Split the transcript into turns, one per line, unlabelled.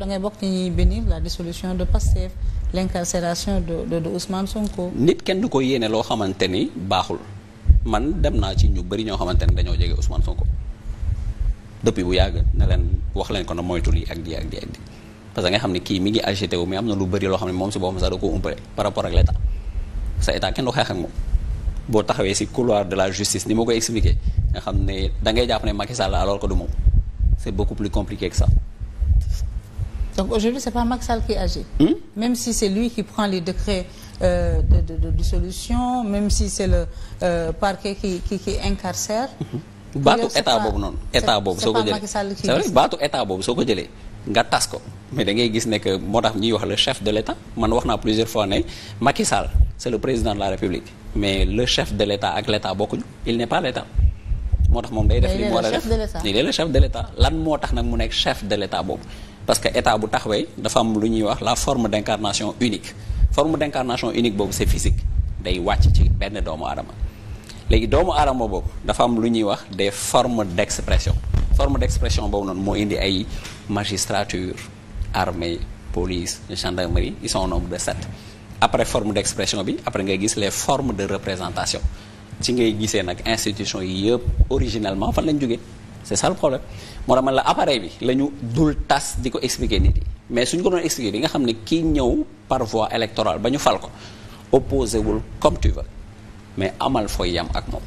da ngay bokk ci ñuy la dissolution de Pastef l'incarcération de de de Ousmane Sonko.
nit kenn du ko yéene loo xamante ni baaxul man dem naa ci ñu bari ñoo xamante ni dañoo jege Ousmane Sonko depuis bu yàgg na leen wax leen ko na moytu lii ak lii ak lii ak lii mi ngi agité wu am na lu bëri loo xam ne moom si boppam sax da ko umpale par rapport ak l'état sa état kenn du xeex ak moom boo taxawee si couloir de la justice ni ma ko expliquer nga xam ne da ngay jàpp ne Macky Sall alors que du moom c'est beaucoup plus compliqué que
donc aujourd'hui c'est pas Macky Sall qui agit. Hmm? même si c'est lui qui prend les décrets euh, de, dissolution même si c'est le euh, parquet qui qui qui incarcère. Mhm.
baatu état boobu noonu. état boobu soo ko jëlee c'est baatu état boobu soo ko jëlee nga tas ko. mais da ngay gis ne que moo tax ñuy wax le chef de l'état man wax naa plusieurs fois ne Macky Sall c'est le président de la République mais le chef de l'état ak l'état bokkuñu il n'est pas l'état moo tax moom day def li mu war a def il est le lan moo tax nag mu nekk chef de l'état boobu. parce que état bu taxawee dafa am lu ñuy wax la forme d' incarnation unique forme d' unique boobu c' physique day wàcc ci benn doomu aadama léegi doomu aadama boobu dafa am lu ñuy wax des formes d' expression forme d' expression boobu noonu moo indi ay magistrature armée police gendarmerie ils sont au nombre de sept après forme d' bi après ngay gis les formes de représentation ci ngay gisee nag institution yi yëpp originellement fan lañ jógee c'est ça le problème moo tax man la appareil bi la ñu dul tas di ko expliquer nit yi mais suñ ko doon expliquer di nga xam ne kii ñëw par voie électorale ba ñu fal ko opposé wul comme tu mais amal foo yam ak moom